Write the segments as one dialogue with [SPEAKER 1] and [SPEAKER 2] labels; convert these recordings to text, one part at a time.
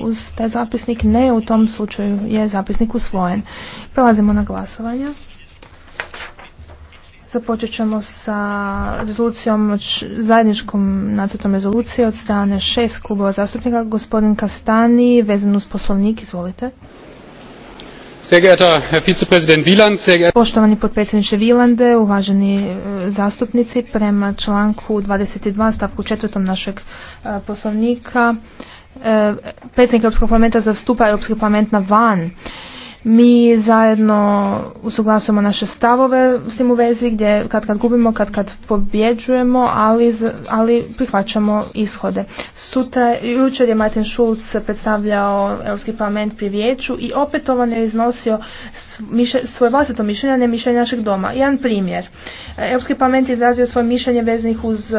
[SPEAKER 1] uz taj zapisnik? Ne, u tom slučaju je zapisnik usvojen. Prelazimo na glasovanje. Započet ćemo sa rezolucijom, zajedničkom nacrtom rezolucije od strane šest klubova zastupnika. Gospodin Kastani, vezan uz poslovnik, izvolite. Poštovani potpredsjedniče Vilande, uvaženi e, zastupnici, prema članku 22 stavku 4 našeg e, poslovnika E, predsjednik Europskog parlamenta zastupa Europski parlament na van. Mi zajedno usuglasujemo naše stavove s tim u vezi gdje kad kad gubimo, kad kad pobjeđujemo, ali, ali prihvaćamo ishode. Sutra, jučer je Martin Schulz predstavljao Europski parlament pri vijeću i opetovano je iznosio svoje vlastito mišljenje, ne mišljenje našeg doma. Jedan primjer. E, Europski parlament je izrazio svoje mišljenje veznih uz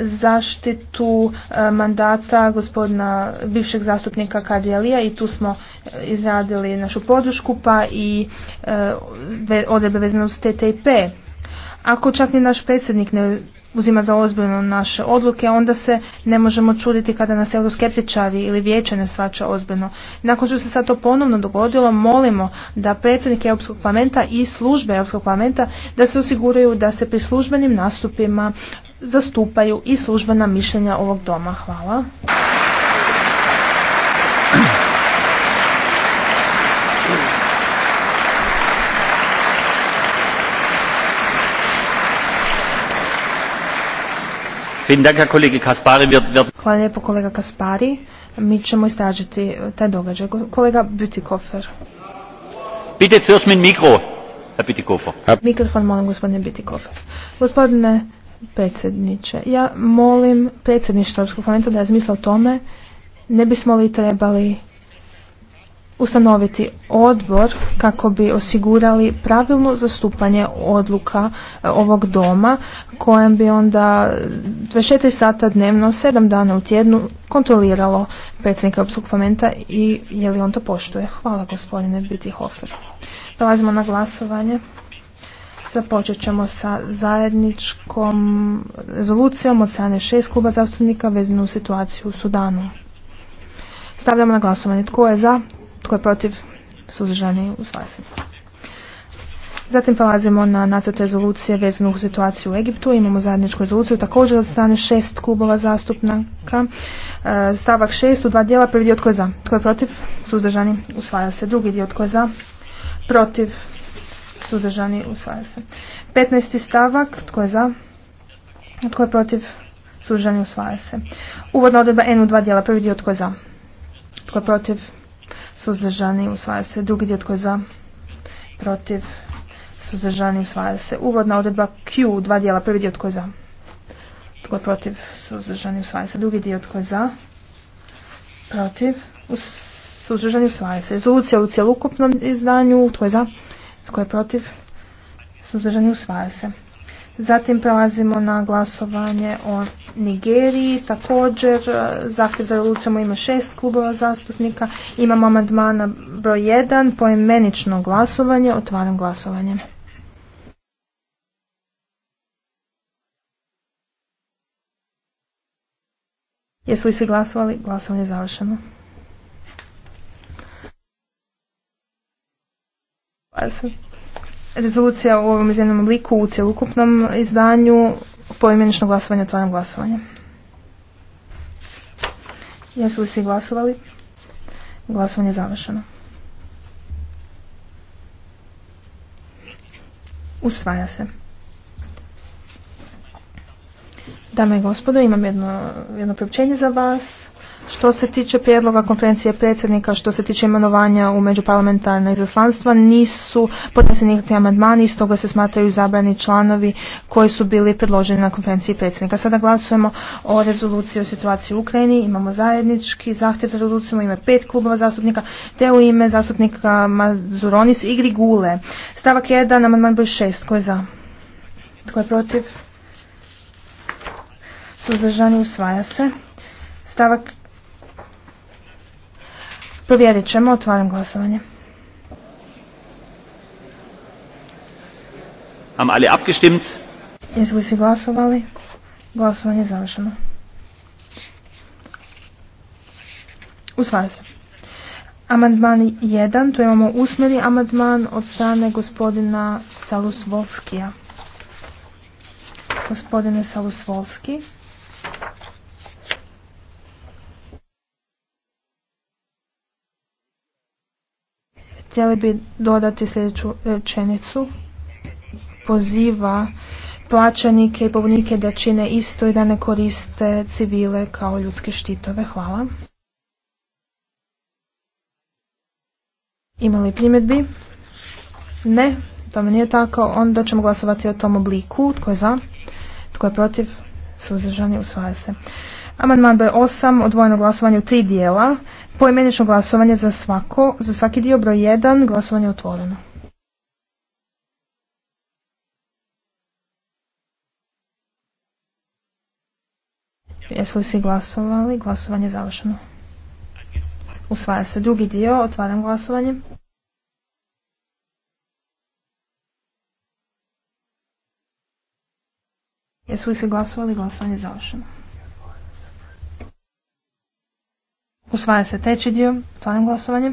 [SPEAKER 1] zaštitu e, mandata gospodina bivšeg zastupnika Kadijalija i tu smo e, izradili našu podršku pa i e, odrebe vezane uz TTIP. Ako čak ni naš predsjednik ne uzima za ozbiljno naše odluke, onda se ne možemo čuditi kada nas euroskeptičari ili vijeće ne svača ozbiljno. Nakon što se sad to ponovno dogodilo, molimo da predsjednik Europskog parlamenta i službe Europskog parlamenta da se osiguraju da se pri službenim nastupima zastupaju i službena mišljenja ovog doma. Hvala. Hvala lijepo kolega Kaspari. Mi ćemo istražiti taj događaj. Kolega Bütikofer. Bitte zuerst mit Mikro, Herr Bütikofer. Mikrofon molim gospodine Bütikofer. Gospodine predsjedniče. Ja molim predsjedništva Europskog parlamenta da razmisle o tome ne bismo li trebali ustanoviti odbor kako bi osigurali pravilno zastupanje odluka e, ovog doma kojem bi onda 24 sata dnevno, 7 dana u tjednu kontroliralo predsjednika Europskog parlamenta i je li on to poštuje. Hvala gospodine Biti Hofer. Prelazimo na glasovanje. Započet ćemo sa zajedničkom rezolucijom od strane šest kluba zastupnika vezanu situaciju u Sudanu. Stavljamo na glasovanje tko je za, tko je protiv, suzdržani u se. Zatim prelazimo na nacrt rezolucije vezanu u situaciju u Egiptu. Imamo zajedničku rezoluciju također od strane šest klubova zastupnika. E, stavak šest u dva dijela. Prvi dio tko je za, tko je protiv, suzdržani usvaja se. Drugi dio tko je za, protiv, suzdržani, usvaja se. 15. stavak, tko je za, tko je protiv, suzdržani, usvaja se. Uvodna odredba N u dva dijela, prvi dio tko je za, tko je protiv, suzdržani, usvaja se. Drugi dio tko je za, protiv, suzdržani, usvaja se. Uvodna odredba Q u dva dijela, prvi dio tko je za, tko je protiv, suzdržani, usvaja se. Drugi dio tko je za, protiv, suzdržani, usvaja se. Rezolucija u cjelokupnom izdanju, tko je za, tko je protiv? Suzdržani usvaja se. Zatim prelazimo na glasovanje o Nigeriji. Također e, zahtjev za rezolucijom ima šest klubova zastupnika. Imamo amandmana broj 1, poimenično glasovanje. Otvaram glasovanje. Jesu li svi glasovali? Glasovanje je završeno. Rezolucija u ovom izjednom obliku u cjelokupnom izdanju poimenično glasovanje, otvaram glasovanje. Jesu li svi glasovali? Glasovanje je završeno. Usvaja se. Dame i gospodo, imam jedno, jedno priopćenje za vas. Što se tiče prijedloga konferencije predsjednika, što se tiče imenovanja u međuparlamentarna izaslanstva, nisu podneseni nikakvi amandmani iz stoga se smatraju zabrani članovi koji su bili predloženi na konferenciji predsjednika. Sada glasujemo o rezoluciji o situaciji u Ukrajini. Imamo zajednički zahtjev za rezoluciju u ime pet klubova zastupnika, te u ime zastupnika Mazuronis i Grigule. Stavak 1, amandman broj 6. Tko je za? Tko je protiv? Suzdržani usvaja se. Stavak Provjerit ćemo, otvaram glasovanje. am ali abgestimmt? Jesu li si glasovali? Glasovanje je završeno. Usvaja se. Amandman 1, tu imamo usmjeri amandman od strane gospodina Salus Volskija. Gospodine Salus Htjeli bi dodati sljedeću rečenicu. Poziva plaćanike i povodnike da čine isto i da ne koriste civile kao ljudske štitove. Hvala. Imali primjedbi? Ne, to tome nije tako. Onda ćemo glasovati o tom obliku. Tko je za? Tko je protiv? Suzdržani usvaja se. Amandman broj 8, odvojeno glasovanje u tri dijela, poimenično glasovanje za svako, za svaki dio broj 1, glasovanje otvoreno. Jesu li svi glasovali? Glasovanje je završeno. Usvaja se drugi dio, otvaram glasovanje. Jesu li svi glasovali? Glasovanje završeno. Usvaja se treći dio. Otvaram glasovanje.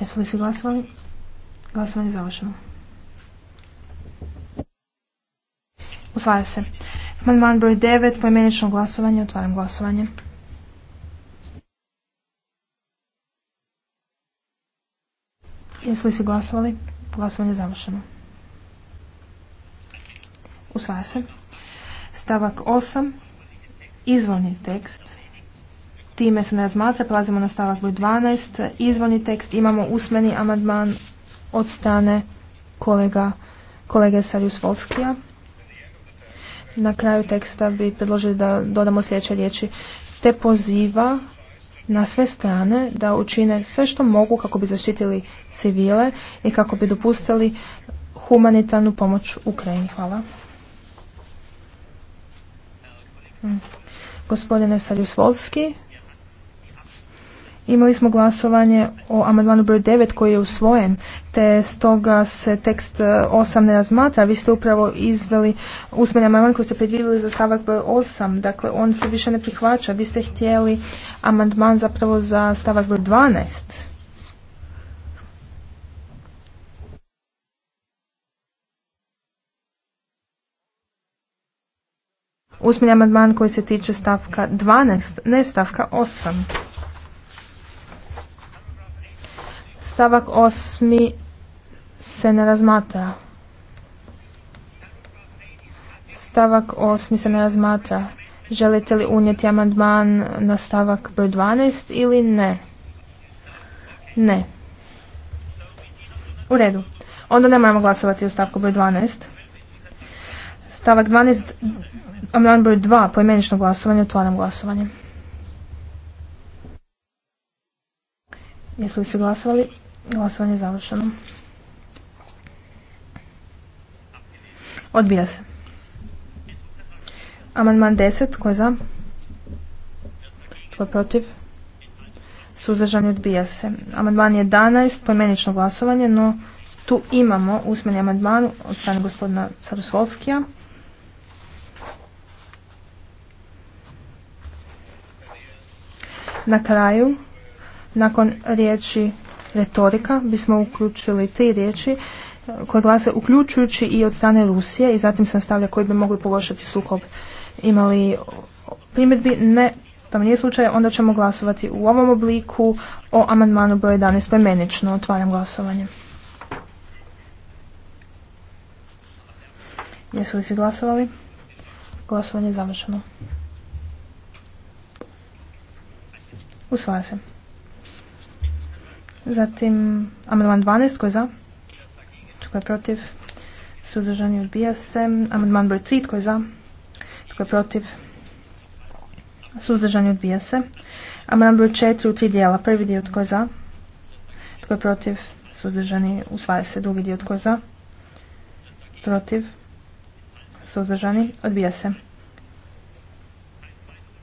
[SPEAKER 1] Jesu li svi glasovali? Glasovanje je završeno. Usvaja se. Amandman broj 9, poimenično glasovanje, otvaram glasovanje. Jesu li svi glasovali? Glasovanje je završeno. Stavak 8. Izvorni tekst. Time se ne razmatra. Prelazimo na stavak broj 12. Izvorni tekst. Imamo usmeni amandman od strane kolega, kolege Sarius Volskija. Na kraju teksta bi predložili da dodamo sljedeće riječi. Te poziva na sve strane da učine sve što mogu kako bi zaštitili civile i kako bi dopustili humanitarnu pomoć Ukrajini. Hvala. Gospodine saljusvolski imali smo glasovanje o amandmanu broj 9 koji je usvojen, te stoga se tekst 8 e, ne razmatra. Vi ste upravo izveli usmeni amandman koji ste predvidjeli za stavak broj 8, dakle on se više ne prihvaća. Vi ste htjeli amandman zapravo za stavak broj 12. Usmeni amandman koji se tiče stavka 12, ne stavka 8. Stavak 8 se ne razmatra. Stavak 8 se ne razmatra. Želite li unijeti amandman na stavak broj 12 ili ne? Ne. U redu. Onda ne moramo glasovati u stavku broj 12. Stavak 12, amandman broj 2, poimenično glasovanje, otvaram glasovanje. Jesu li se glasovali? Glasovanje je završeno. Odbija se. Amandman 10, tko je za? Tko je protiv? i odbija se. Amandman 11, pojmenično glasovanje, no tu imamo usmeni amandman od strane gospodina Sarosvolskija. Na kraju, nakon riječi retorika, bismo uključili tri riječi e, koje glase uključujući i od strane Rusije i zatim sam stavlja koji bi mogli pogoršati sukob. Imali primjedbi? Ne. To nije slučaj, onda ćemo glasovati u ovom obliku o amandmanu broj 11 pojmenično. Otvaram glasovanje. Jesu li svi glasovali? Glasovanje je završeno. Usvaja se. Zatim amandman 12 koji je za? Tko je protiv? Suzdržani odbija se. Amandman broj 3 tko je za? Tko je protiv? Suzdržani odbija se. Amandman broj 4 u tri dijela. Prvi dio tko je za? Tko je protiv? Suzdržani usvaja se. Drugi dio tko je za? Protiv? Suzdržani odbija se.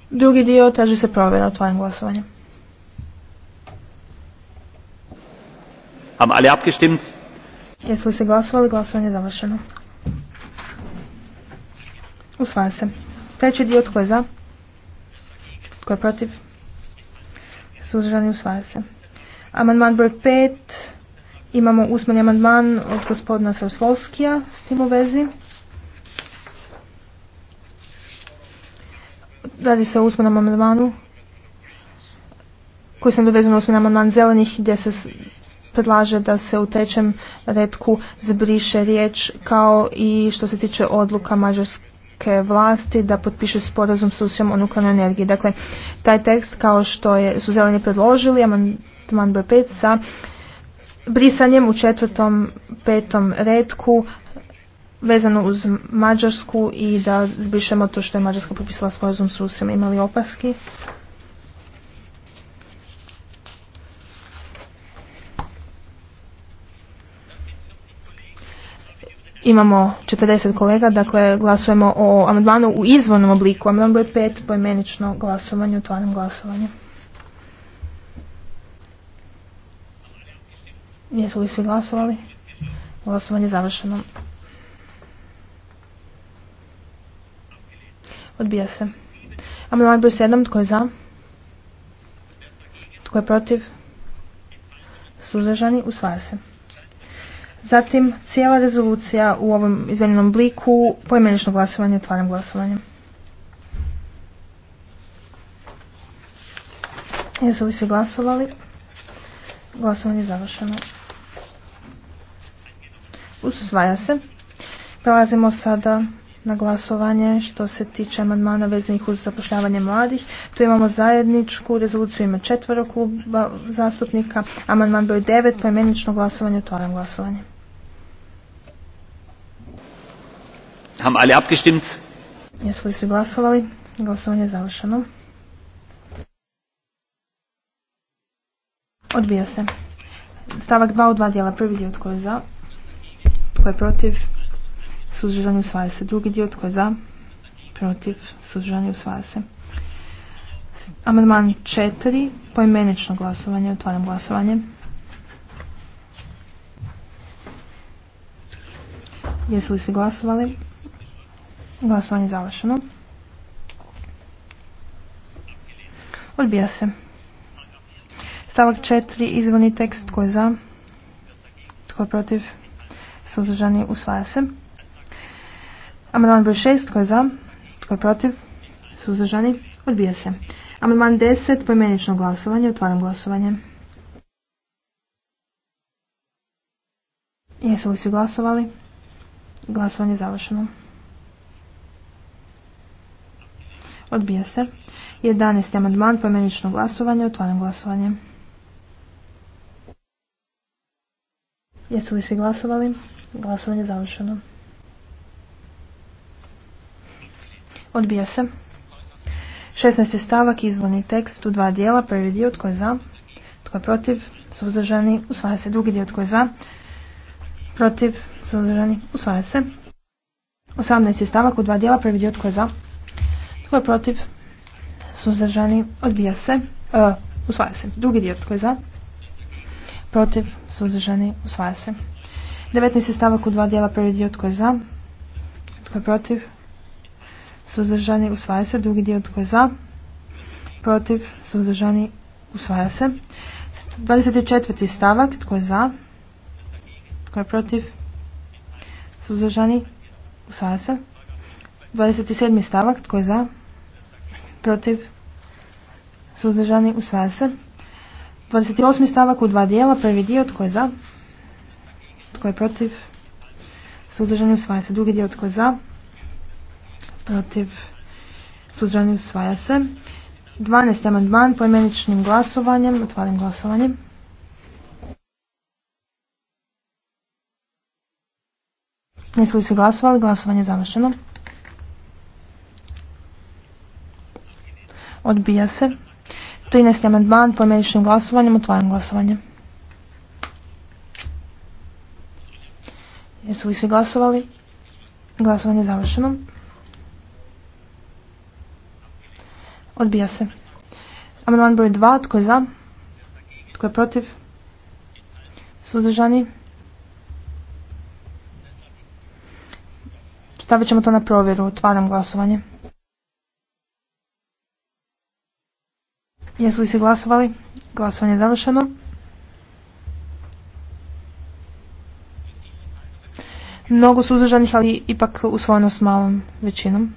[SPEAKER 1] Drugi dio traži se provjera tvojim glasovanjem. Haben alle abgestimmt? Jesu li se glasovali? Glasovanje je završeno. Usvaja se. Treći dio tko je za? Tko je protiv? Suzdržani usvaja se. Amandman broj 5. Imamo usmeni amandman od gospodina Srosvolskija s tim u vezi. Radi se o usmenom amandmanu koji sam dovezu na usmeni amandman zelenih gdje se predlaže da se u trećem redku zbriše riječ kao i što se tiče odluka mađarske vlasti da potpiše sporazum s Rusijom o nuklearnoj energiji. Dakle, taj tekst kao što je, su zeleni predložili, amandman broj 5 sa brisanjem u četvrtom, petom redku vezano uz Mađarsku i da zbrišemo to što je Mađarska potpisala sporazum s Rusijom. Imali opaski? Imamo 40 kolega, dakle glasujemo o amandmanu u izvornom obliku. Amandman broj 5, poimenično glasovanje, otvaram glasovanje. Jesu li svi glasovali? Glasovanje je završeno. Odbija se. Amandman broj 7, tko je za? Tko je protiv? Suzdržani, usvaja se. Zatim cijela rezolucija u ovom izmijenjenom bliku, poimenično glasovanje, otvaram glasovanje. Jesu li svi glasovali? Glasovanje je završeno. Usvaja se. Prelazimo sada na glasovanje što se tiče amandmana veznih uz zapošljavanje mladih. Tu imamo zajedničku rezoluciju ima četvero kluba zastupnika. Amandman broj devet, poimenično glasovanje, otvaram glasovanje. Haben Jesu li svi glasovali? Glasovanje je završeno. Odbija se. Stavak dva u dva dijela. Prvi dio tko je za, tko je protiv, suzdržani usvaja se. Drugi dio tko je za, protiv, suzdržani usvaja se. Amandman 4, poimenično glasovanje, otvaram glasovanje. Jesu li svi glasovali? Glasovanje završeno. Odbija se. Stavak četiri, Izvorni tekst. Tko je za? Tko je protiv? Suzdržani usvaja se. Amandman broj šest, Tko je za? Tko je protiv? Suzdržani odbija se. Amandman deset, Pojmenično glasovanje. Otvaram glasovanje. Jesu li svi glasovali? Glasovanje je završeno. Odbija se. 11. amandman pomenično glasovanje. Otvaram glasovanje. Jesu li svi glasovali? Glasovanje je završeno. Odbija se. 16. stavak, izvorni tekst u dva dijela. Prvi dio tko je za, tko je protiv, suzdržani, usvaja se. Drugi dio tko je za, protiv, suzdržani, usvaja se. 18. stavak u dva dijela, prvi dio tko je za, tko je protiv? Suzdržani? Odbija se. E, usvaja se. Drugi dio. Tko je za? Protiv? Suzdržani? Usvaja se. 19. stavak u dva dijela. Prvi dio. Tko je za? Tko je protiv? Suzdržani? Usvaja se. Drugi dio. Tko je za? Protiv? Suzdržani? Usvaja se. 24. stavak. Tko je za? Tko je protiv? Suzdržani? Usvaja se. 27. stavak, tko je za? Protiv? Suzdržani? Usvaja se. 28. stavak u dva dijela, prvi dio, tko je za? Tko je protiv? Suzdržani? Usvaja se. Drugi dio, tko je za? Protiv? Suzdržani? Usvaja se. 12. amandman poimeničnim glasovanjem. otvarim glasovanje. Nisu li svi glasovali? Glasovanje je završeno. Odbija se. 13. amandman imeničnim glasovanjem. Otvaram glasovanje. Jesu li svi glasovali? Glasovanje je završeno. Odbija se. Amandman broj 2. Tko je za? Tko je protiv? Suzdržani? Stavit ćemo to na provjeru. Otvaram glasovanje. Jesu li se glasovali? Glasovanje je završeno. mnogo suzdržanih, ali ipak usvojeno s malom većinom.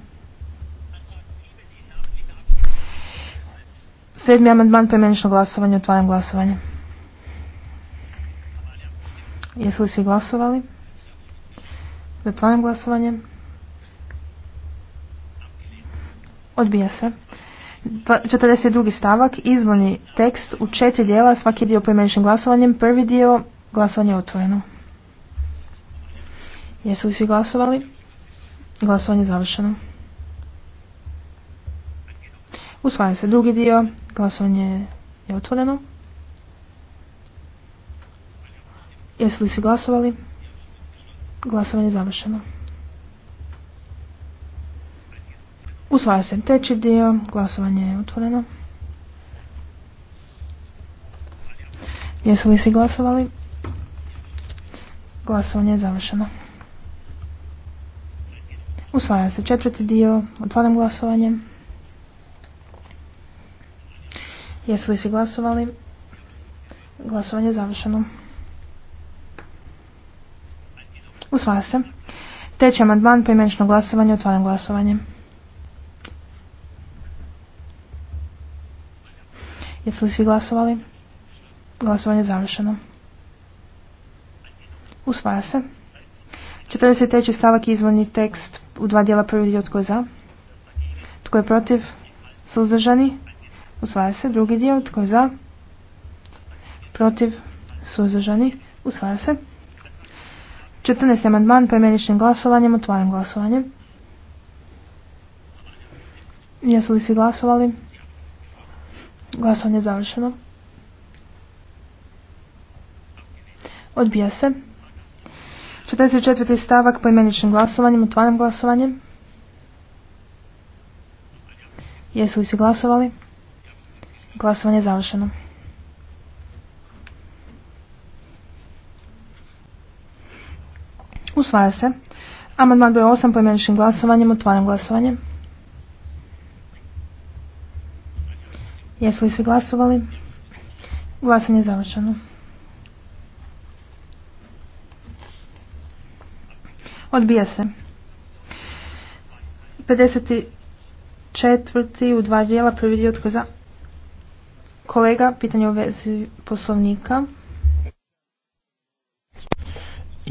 [SPEAKER 1] Sedmi amandman poimenično glasovanje, otvaram glasovanje. Jesu li svi glasovali? Zatvaram glasovanje. Odbija se. 42. stavak, izvorni tekst u četiri dijela, svaki dio poimeničnim glasovanjem. Prvi dio, glasovanje je otvoreno. Jesu li svi glasovali? Glasovanje je završeno. Usvaja se drugi dio, glasovanje je otvoreno. Jesu li svi glasovali? Glasovanje je završeno. Usvaja se treći dio, glasovanje je otvoreno. Jesu li si glasovali? Glasovanje je završeno. Usvaja se četvrti dio, otvaram glasovanje. Jesu li si glasovali? Glasovanje je završeno. Usvaja se. Teći amandman, poimenično glasovanje, otvaram glasovanje. Jesu li svi glasovali? Glasovanje je završeno. Usvaja se. 43. stavak izvorni tekst u dva dijela prvi dio tko je za? Tko je protiv? Suzdržani? Usvaja se. Drugi dio tko je za? Protiv? Suzdržani? Usvaja se. 14. amandman poimeničnim glasovanjem. Otvaram glasovanje. Jesu li svi glasovali? Glasovanje je završeno. Odbija se. 44. stavak po imeničnim glasovanjem. Otvaram glasovanjem. Jesu li svi glasovali? Glasovanje je završeno. Usvaja se. Amandman broj 8 po imeničnim glasovanjem. Otvaram glasovanjem. Jesu li svi glasovali? Glasanje je završeno. Odbija se. 54. u dva dijela prvi dio tko za. Kolega, pitanje u vezi poslovnika.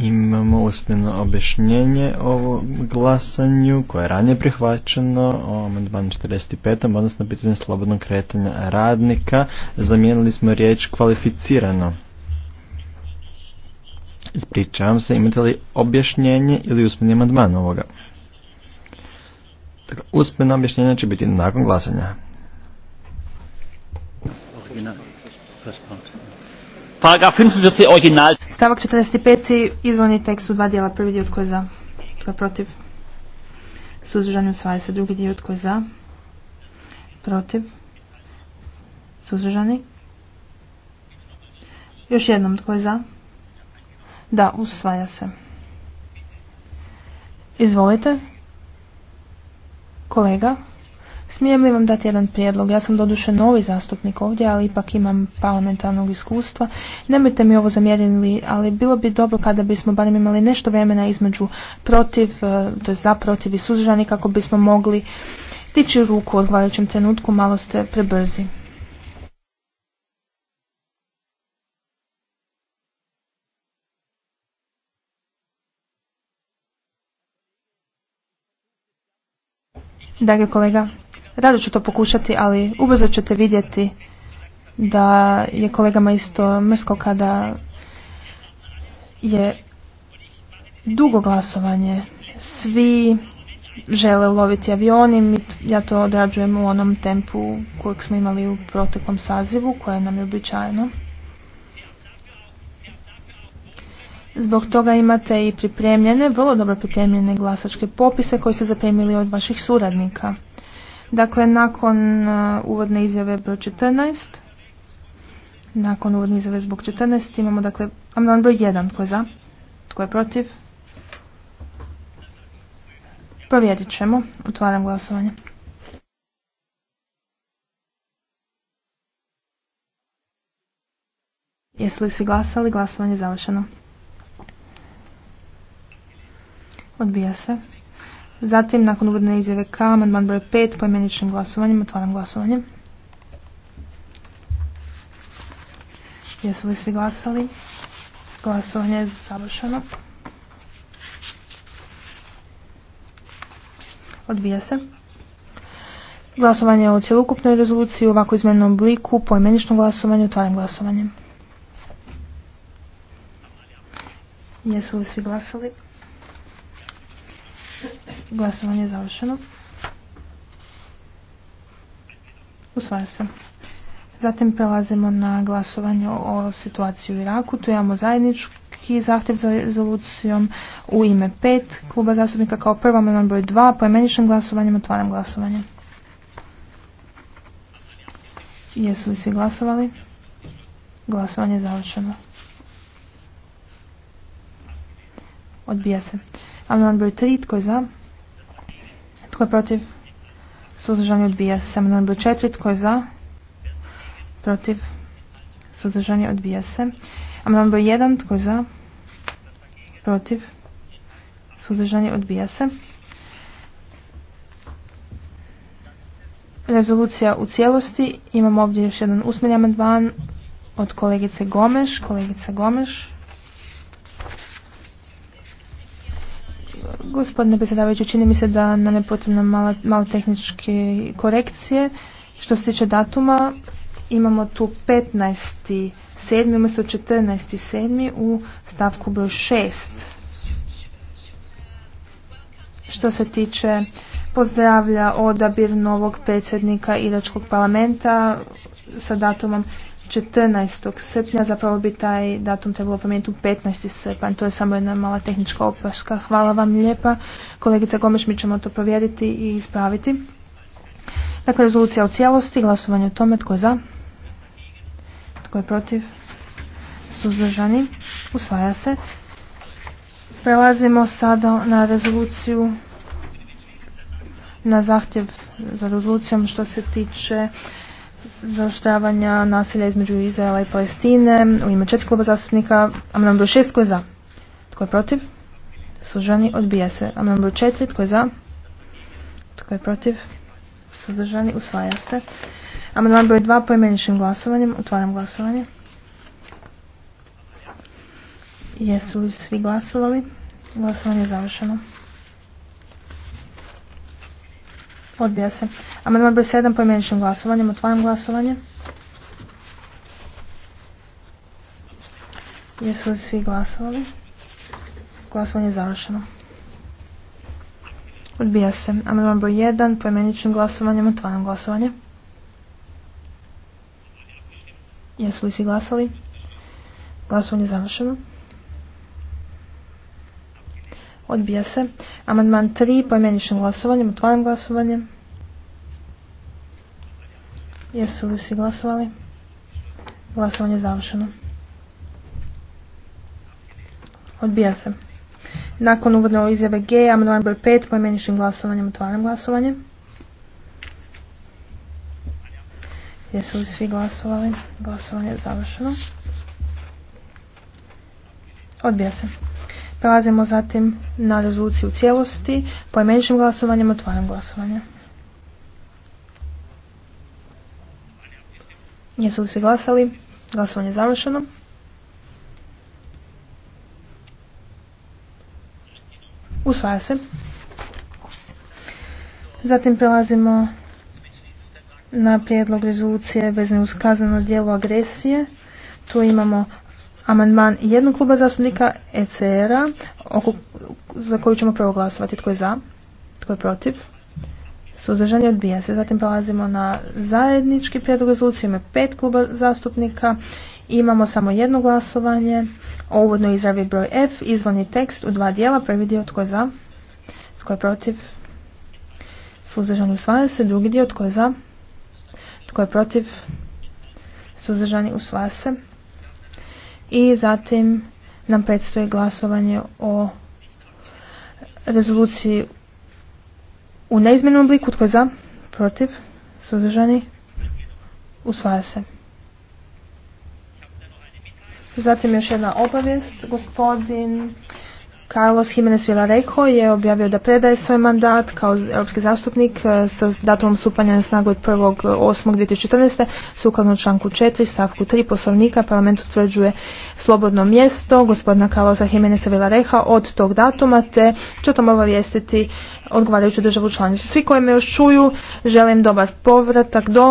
[SPEAKER 1] Imamo uspjeno objašnjenje o glasanju koje je ranije prihvaćeno o amandmanu 45. odnosno pitanje slobodnog kretanja radnika. Zamijenili smo riječ kvalificirano. Ispričavam se, imate li objašnjenje ili usmeni amandman ovoga? Dakle, usmeno objašnjenje će biti nakon glasanja. Paragraf 45 original. Stavak 45. izvorni tekst u dva dijela. Prvi dio tko je za, tko je protiv. Suzdržani usvaja se. Drugi dio tko je za, protiv. Suzdržani. Još jednom tko je za. Da, usvaja se. Izvolite. Kolega. Smijem li vam dati jedan prijedlog? Ja sam doduše novi zastupnik ovdje, ali ipak imam parlamentarnog iskustva. Nemojte mi ovo zamjerili, ali bilo bi dobro kada bismo barem imali nešto vremena između protiv, e, to je za protiv i suzdržani kako bismo mogli tići ruku u odgovarajućem trenutku, malo ste prebrzi. Dragi kolega, Rado ću to pokušati, ali ubrzo ćete vidjeti da je kolegama isto mrsko kada je dugo glasovanje. Svi žele loviti avioni, ja to odrađujem u onom tempu kojeg smo imali u proteklom sazivu, koje nam je običajno. Zbog toga imate i pripremljene, vrlo dobro pripremljene glasačke popise koji ste zapremili od vaših suradnika. Dakle, nakon uh, uvodne izjave broj 14, nakon uvodne izjave zbog 14 imamo dakle amandman broj 1 tko je za, tko je protiv. Provjerit ćemo. Otvaram glasovanje. Jesu li svi glasali? Glasovanje je završeno. Odbija se. Zatim, nakon uvodne izjave K, amandman broj 5, poimeničnim glasovanjem, otvaram glasovanje. Jesu li svi glasali? Glasovanje je savršeno. Odbija se. Glasovanje o cjelokupnoj rezoluciji u ovako izmenjenom obliku, pojmeničnom glasovanju. otvaram glasovanje. Jesu li svi glasali? Glasovanje je završeno. Usvaja se. Zatim prelazimo na glasovanje o situaciji u Iraku. Tu imamo zajednički zahtjev za rezolucijom u ime pet kluba zastupnika kao prva amandman broj 2. Poimeničnim glasovanjem otvaram glasovanje. Jesu li svi glasovali? Glasovanje je završeno. Odbija se. Amandman broj tri. Tko je za? Tko je protiv? Suzdržanje odbija se. Amandman broj 4. Tko je za? Protiv? suzdržanje odbija se. Amandman broj 1. Tko je za? Protiv? Suzdržani odbija se. Rezolucija u cijelosti. Imamo ovdje još jedan usmeni amandman od kolegice Gomeš. Kolegice Gomeš. Gospodine predsjedavajući, čini mi se da nam je potrebno malo, tehničke korekcije. Što se tiče datuma, imamo tu 15.7. umjesto 14.7. u stavku broj 6. Što se tiče pozdravlja odabir novog predsjednika Iračkog parlamenta sa datumom 14. srpnja, zapravo bi taj datum trebalo pomijeniti u 15. srpanj, to je samo jedna mala tehnička opaska. Hvala vam lijepa, kolegica Gomeš, mi ćemo to provjeriti i ispraviti. Dakle, rezolucija u cijelosti, glasovanje o tome, tko je za, tko je protiv, suzdržani, usvaja se. Prelazimo sada na rezoluciju na zahtjev za rezolucijom što se tiče Zaoštavanja nasilja između Izraela i Palestine u ime četiri kluba zastupnika amandman broj 6 tko je za tko je protiv suzdržani odbija se amandman broj 4 tko je za tko je protiv suzdržani usvaja se amandman broj dva poimeničnim glasovanjem otvaram glasovanje jesu li svi glasovali glasovanje je završeno Odbija se. Amandman broj 7 pojmeničnim glasovanjem. Otvajam glasovanje. Jesu li svi glasovali? Glasovanje je završeno. Odbija se. Amandman broj 1 pojmeničnim glasovanjem. Otvaram glasovanje. Jesu li svi glasali? Glasovanje je završeno. Odbija se. Amandman 3 poimeničnim glasovanjem. Otvaram glasovanje. Jesu li svi glasovali? Glasovanje je završeno. Odbija se. Nakon uvodne izjave G, amandman broj 5 poimeničnim glasovanjem. Otvaram glasovanje. Jesu li svi glasovali? Glasovanje je završeno. Odbija se. Prelazimo zatim na rezoluciju u cijelosti. Poimeničnim glasovanjem otvaram glasovanje. Jesu li svi glasali? Glasovanje je završeno. Usvaja se. Zatim prelazimo na prijedlog rezolucije vezano uz kazneno djelo agresije. Tu imamo Amandman jednog kluba zastupnika ECR-a za koju ćemo prvo glasovati. Tko je za? Tko je protiv? Suzdržani odbija se. Zatim prelazimo na zajednički prijedlog rezolucije. Ima pet kluba zastupnika. Imamo samo jedno glasovanje o uvodnoj izjavi broj F. Izvorni tekst u dva dijela. Prvi dio tko je za? Tko je protiv? Suzdržan usvaja se. Drugi dio tko je za? Tko je protiv? Suzdržani usvaja se i zatim nam predstoji glasovanje o rezoluciji u neizmjenom obliku. Tko je za? Protiv? Suzdržani? Usvaja se. Zatim još jedna obavijest. Gospodin Carlos Jimenez Villarejo je objavio da predaje svoj mandat kao europski zastupnik eh, sa datumom stupanja na snagu od 1.8.2014. Eh, sukladno članku 4 stavku 3 poslovnika parlament utvrđuje slobodno mjesto gospodina Carlosa Jimenez Villareja od tog datuma te će o tom obavijestiti odgovarajuću državu članicu. Svi koji me još čuju želim dobar povratak do